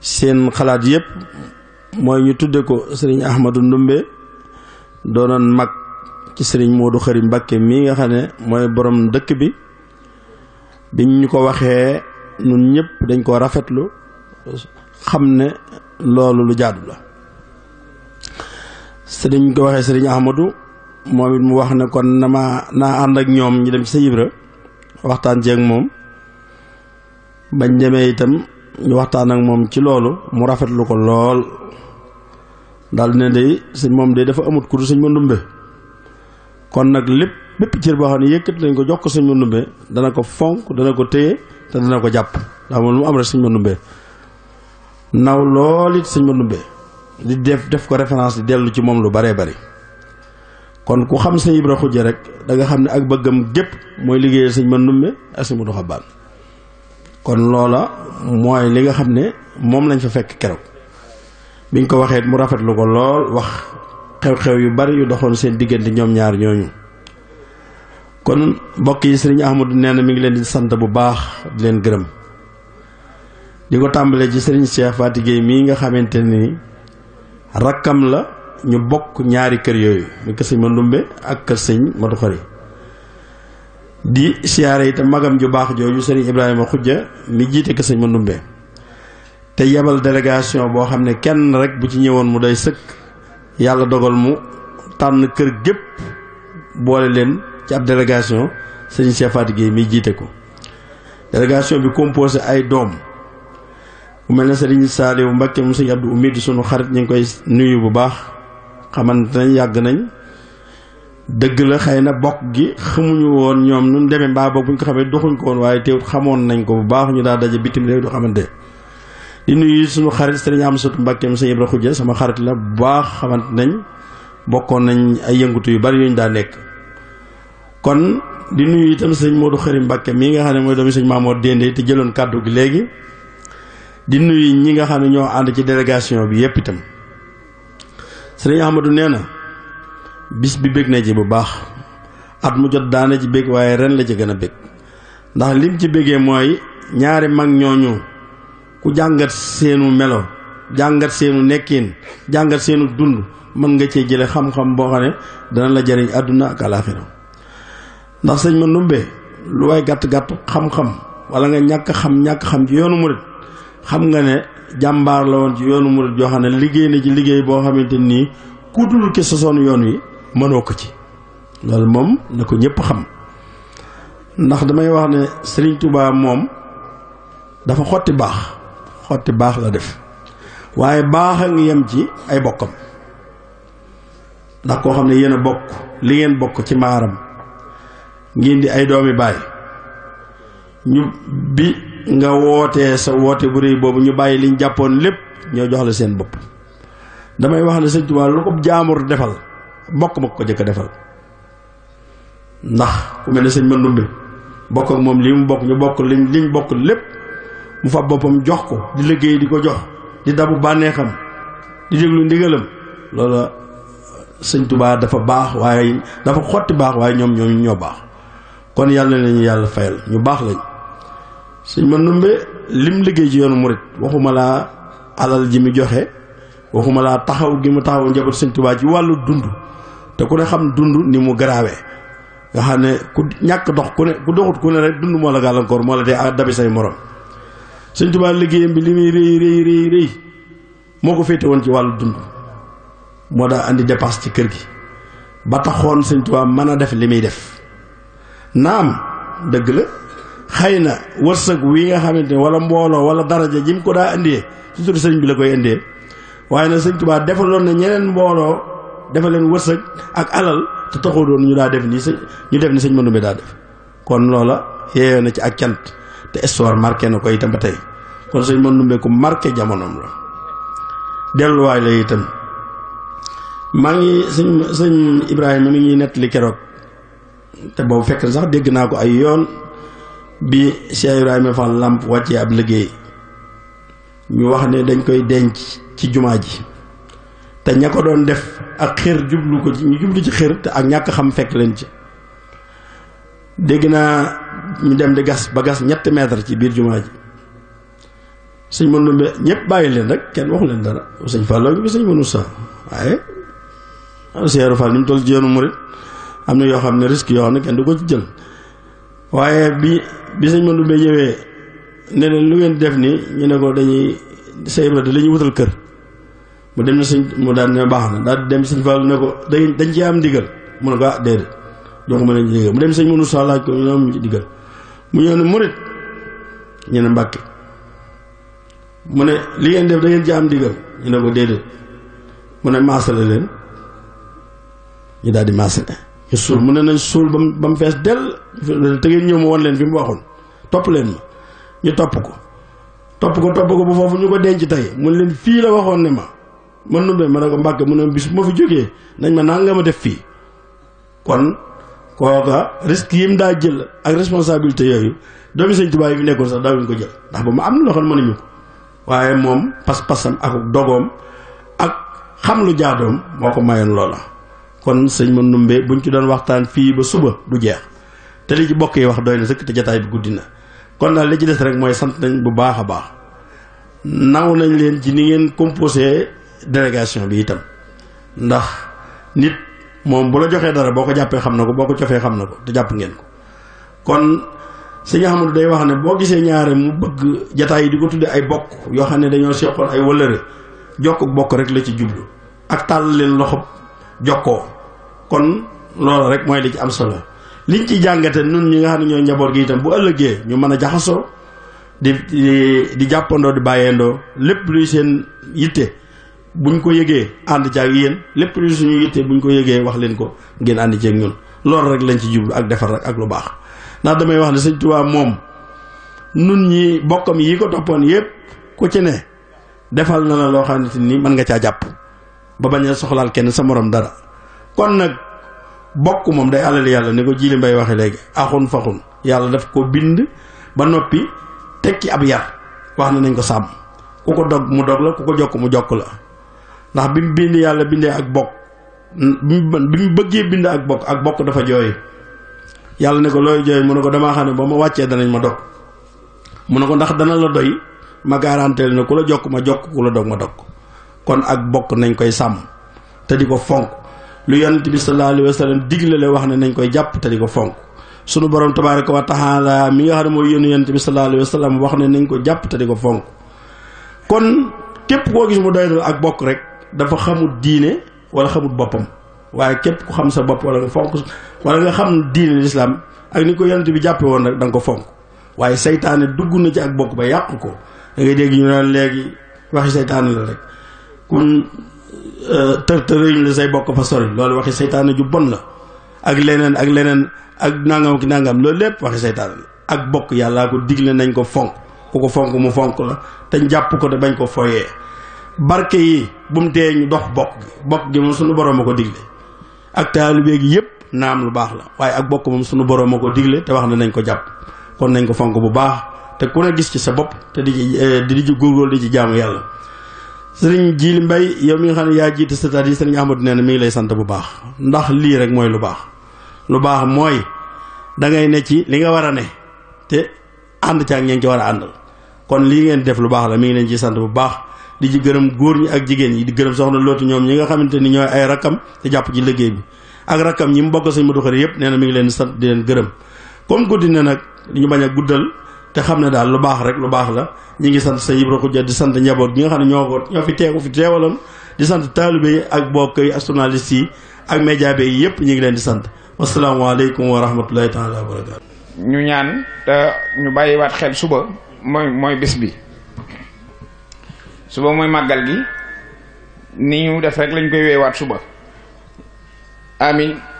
seen xalaat yépp mooy ñu tudde ko sëriñ Ahmadou Ndumbe doonoon mag ci sëriñ Modou Khary mbakke mii nga xam ne mooy borom dëkk bi biñ ñu ko waxee nun ñëpp dañ ko rafetlu xam ne loolu lu jaadu la sëriñ ko waxee sëriñ Ahmadou moom it mu wax ne kon na ma naa ànd ak ñoom ñu dem ci sa Ibra waxtaan ci moom bañ demee itam ñu waxtaan ak moom ci loolu mu rafetlu ko lool daal ne day sëñ moom day dafa amut ku du sëñ ndumbe kon nag lépp bépp cër boo xam ne yëkkati nañ ko jox ko sëñ Mandumbe dana ko fonk dana ko téye te dana ko jàpp ndax moom lu mu am rek sëñ Mandumbe naw lool it sëñ Mandumbe di def def ko référence di dellu ci moom lu baree bari kon ku xam sëñ Ibra Xujja rek danga xam ne ak bëggam gépp mooy liggéeyal sëñ Mandumbe ak sëñ Mudu Xabaan kon loola mooy li nga xam ne moom lañ fa fekk keroog biñ ko waxee mu rafetlu ko lool wax xew-xew yu bari yu doxoon seen diggante ñoom ñaar ñooñu kon mbokk yi sëriñ Ahmadu nee na mi ngi leen di sant bu baax di leen gërëm di ko tàmbalee ci sëriñ Cheikh Faty mi mii nga xamante ni rakkam la ñu bokk ñaari kër yooyu mu kër sëñ Mandumbe ak kër sëñ Madu Xari di siyaare itam magam ju baax jooju sëriñ Ibrahima Xujja mi jiite kër sëñ Mandumbe te yebal délégation boo xam ne kenn rek bu ci ñëwoon mu doy sëkk yàlla dogal mu tànn kër gépp boole leen ci ab délégation sëñ Cheikh Faty Gueye mi jiite ko délégation bi composé ay doom bu mel ne sëriñ Saliou Mbacké mu sëñ Abdou Ummi di sunu xarit ñu ngi koy nuyu bu baax xamante nañ yàgg nañ dëgg la xëy na bokk gi xamuñu woon ñoom nun demee mbaa boog buñ ko xamee doxuñ ko woon waaye teewut xamoon nañ ko bu baax ñu daa daje bitim réew du xamante di nuyu suñu xarit am Amsatu Mbàkke sa Ibra Xujja sama xarit la bu baax xamante nañ bokkoon nañ ay yëngutu yu bari yuñ daa nekk kon di nuyu itam sëñ Modou Xarim Mbàkke mii nga xam ne mooy doomi sëñ Maamoor Dende te jëloon kàddu gi léegi di nuyu ñi nga xam ne ñoo ànd ci délégation bi yépp itam sëriñ Ahmadou nee na bis bi bég na ci bu baax at mu jot daana ci bég waaye ren la ci gën a bég ndax lim ci bégee mooy ñaari mag ñooñu ku jàngat seenu melo jàngat seenu nekkin jàngat seenu dund mën nga cee jële xam-xam boo xam ne dana la jëriñ àdduna ak alaaxira ndax sëñ ma numbee lu way gàtt-gàtt xam-xam wala nga ñàkk xam ñàkk xam ci yoonu murit xam nga ne jàmbaar la woon ci yoonu murit joo xam ne liggéey na ci liggéey boo xamante nii ku dul ki sosoon yoon wi mënoo ko ci loolu moom na ko ñëpp xam ndax damay wax ne Sëriñ Tuubaa moom dafa xotti baax xotti baax la def waaye baax a ngi yem ci ay bokkam ndax koo xam ne yéen bokk li ngeen bokk ci maaram ngeen di ay doomi baay ñu bi nga wootee sa woote bu réy boobu ñu bàyyi liñ jàppoon lépp ñoo jox la seen bopp damay wax ne sëñ Tuubaa lu ko jaamur defal bokk ma ko jëkk defal ndax ku mel ne sëñ ma ndumbe bokk moom li mu bokk ñu bokk liñ liñ bokk lépp mu fab boppam jox ko di liggéey di ko jox di dabu bànneexam di déglu ndigalam loola sëñ Tuubaa dafa baax waaye dafa xotti baax waaye ñoom ñoom ñoo baax kon yàlla na ñu yàlla fayal ñu baax lañ sëñ Mandumbe lim liggéey ci yoonu murit waxuma laa alal ji mu joxe waxuma laa taxaw gi mu taxaw njaboot sëñ Tuubaa ci wàllu dund te ku ne xam dund ni mu garaawee nga xam ne ku ñàkk dox ku ne ku doxut ku ne rek dund moo la gàllankoor moo la dee dabi say sëñ Tuubaa liggéeyam bi li muy rëy rëy rëy rëy moo ko féete woon ci wàllu dund moo daa indi dépense ci kër gi ba taxoon sëñ Tuubaa mën a def li muy def naa am dëgg la xëy na wërsëg wi nga xamante ne wala mbooloo wala daraja ji mu ko daa indee ci turu sëñ bi la koy indee waaye nag sëñ Tuubaa defaloon na ñeneen mbooloo dafa leen wërsëg ak alal te taxoo doon ñu daa def ni sëñ ñu def ni sëñ Mandumbe daa def kon loola yeeyoo na ci ak cant te histoire marqué na ko itam ba tey kon sëñ Mor Ndumbe ku marqué jamonoom la delluwaay la itam maa ngi sëñ sëñ Ibrahima mi ngi nettali keroog te boobu fekk na sax dégg naa ko ay yoon bi Cheikh Ibrahima Fall làmp wàccee ab liggéey ñu wax ne dañ koy denc ci jumaa ji te ña ko doon def ak xër jublu ko ñu jublu ci xër te ak ñàkk xam fekk leen ci dégg naa ñu dem di gas ba gas ñetti mètre ci biir jumaa ji sëñ mën lu ñëpp bàyyi leen rek kenn waxu leen dara sëñ Fallou bi sëñ mënu sa waaye seeru Fall ni mu toll ci yoonu am na yoo xam ne risque yoo xam ne kenn du ko ci jël waaye bi bi sëñ mën lu ñëwee ne leen lu ngeen def nii ñu ne ko dañuy sa Ibra da la ñuy wutal kër mu dem na sëñ mu daan ne baax na daal dem sëñ Fallou ne ko dañ dañ ci am ndigal mu ne ko ah déedéet doo ko mën a ndigal mu dem sëñ mënu sa laaj ko ñu am ci digal mu yoonu murit ñu mbàkke mu ne li ngeen def da ngeen jaam ndigal ñu ne ko déedéet mu ne maasale leen ñu daal di maasale ñu suul mu ne nañ suul bam ba mu fees dell te ngeen ñëw ma woon leen fi mu waxoon topp leen ma ñu topp ko topp ko topp ko bu foofu ñu ko denc tey mu ne leen fii la waxoon ne ma man nu ma ne ko mbàkke mu ne bis ma fi jógee nañ ma nanga ma def fii kon kooka risque yi mu daa jël ak responsabilité yooyu doomi sëñ Tuubaa yi fi nekkoon sax daawuñ ko jël ndax ba mu am na loo xam ne mënuñu ko waaye moom pas-pasam dogoom ak xam lu jaadoom moo ko mayoon loola. kon sëñ ma numbe buñ ci doon waxtaan fii ba suba du jeex te li ci bokk yi wax doy na sëkk te jataay bi guddi na kon daal li ci des rek mooy sant nañ bu baax a baax naw nañ leen ci ni ngeen composé délégation bi itam ndax nit. moom bu la joxee dara boo ko jàppee xam na ko boo ko cofee xam na ko te jàpp ngeen ko kon sëñ Ahmadu day wax ne boo gisee ñaare mu bëgg jataay yi di ko tudde ay bokk yoo xam ne dañoo seqoon ay wëllëre jokk bokk rek la ci jublu ak tàll leen loxo jokkoo kon loolu rek mooy li ci am solo liñ ci jàngate nun ñu nga xam ne ñoo njaboot gi itam bu ëllëgee ñu mën a jaxasoo di di jàppandoo di bàyyeendoo lépp luy seen yitte buñ ko yëgee ànd ci ak yéen lépp lu suñu yittee buñ ko yëgee wax leen ko ngeen ànd ci ak ñun loolu rek lañ ci jublu ak defar rek ak lu baax ndax damay wax ne sëñ Tuubaa moom nun ñi bokkam yi ko toppoon yépp ku ci ne defal na la loo xamante ni mën nga caa jàpp ba bañ a soxlaal kenn sa morom dara kon nag bokk moom day alal yàlla ni ko jili mbay waxe léegi axun faxun yàlla daf ko bind ba noppi tekki ab yar wax na nañ ko sàmm ku ko dog mu dog la jokk mu jokk la ndax bi mu bind yàlla bindee ak bokk bi mu bëggee bind ak bokk ak bokk dafa jooy yàlla ne ko looy jooy mu ne ko damaa xam ne boo ma wàccee danañ ma dog mu ne ko ndax dana la doy ma garanteel ne ku la jokk ma jokk ku la dog ma dog kon ak bokk nañ koy sàmm te di ko fonk lu yonent bi sallallahu alayhi wa sallam la wax ne nañ koy jàpp te di ko fonk sunu borom tabaraka wa taala mi nga xam ne mooy yónni yonent bi sallallahu alayhi wa sallam wax ne nañ ko jàpp ko fonk kon képp koo gis mu doy ak bokk rek dafa xamul diine wala xamul boppam waaye képp ku xam sa bopp wala nga fonk wala nga xam diine lislaam ak ni ko yonent bi jàppee woon nag danga ko fonk waaye seytaane dugg na ci ak bokk ba yàq ko da ñu naan léegi waxi saytaane la rek kun euh, tër say bokk fa sori loolu waxi saytaane ju bon la ak leneen ak leneen ak nangam ki nàngam loolu lépp waxi saytaane la ak bokk yàllaa ko digle nañ ko fonk ku ko fonk mu fonk la te jàpp ko te bañ ko foyee barke yi bu mu tee ñu dox bokk gi bokk gi moom suñu borom a ko digle ak taalibe gi yépp naam lu baax la waaye ak bokk moom suñu borom a ko digle te wax na nañ ko jàpp kon nañ ko fonk bu baax te ku ne gis ci sa bopp te di di eh, di ci góorgóorlu di ci jaamu yàlla. sëriñ Jili Mbay yow mi nga xam ne yaa jiit sa sëtaat yi sëriñ Ahmadu nee na mi ngi lay sant bu baax ndax lii rek mooy lu baax lu baax mooy dangay ngay ne ci li nga war a ne te ànd caa ak ña nga war a àndal ngeen lu baax la mi ngi leen ci sant bu baax. di ci gërëm góor ak jigéen ñi di gërëm soxna lootu ñoom ñi nga xamante ni ñooy ay rakkam te jàpp ci liggéey bi ak rakkam ñi mu bokk sëñ Modou Khari yëpp nee na mi ngi leen sant di leen gërëm comme guddi na nag ñu bañ a guddal te xam ne daal lu baax rek lu baax la ñi ngi sant sa Ibra Khoudia di sant njaboot bi nga xam ne ñoo ko ñoo fi teeku fi teewaloon di sant taalibe yi ak bokk yi ak journaliste yi ak média yi yëpp ñu ngi leen di sant wasalaamaaleykum wa rahmatulahi taala wa barakaatu ñu ñaan te ñu bàyyiwaat xel suba mooy mooy bis suba mooy màggal gi ni ñu def rek lañ koy weewaat suba amin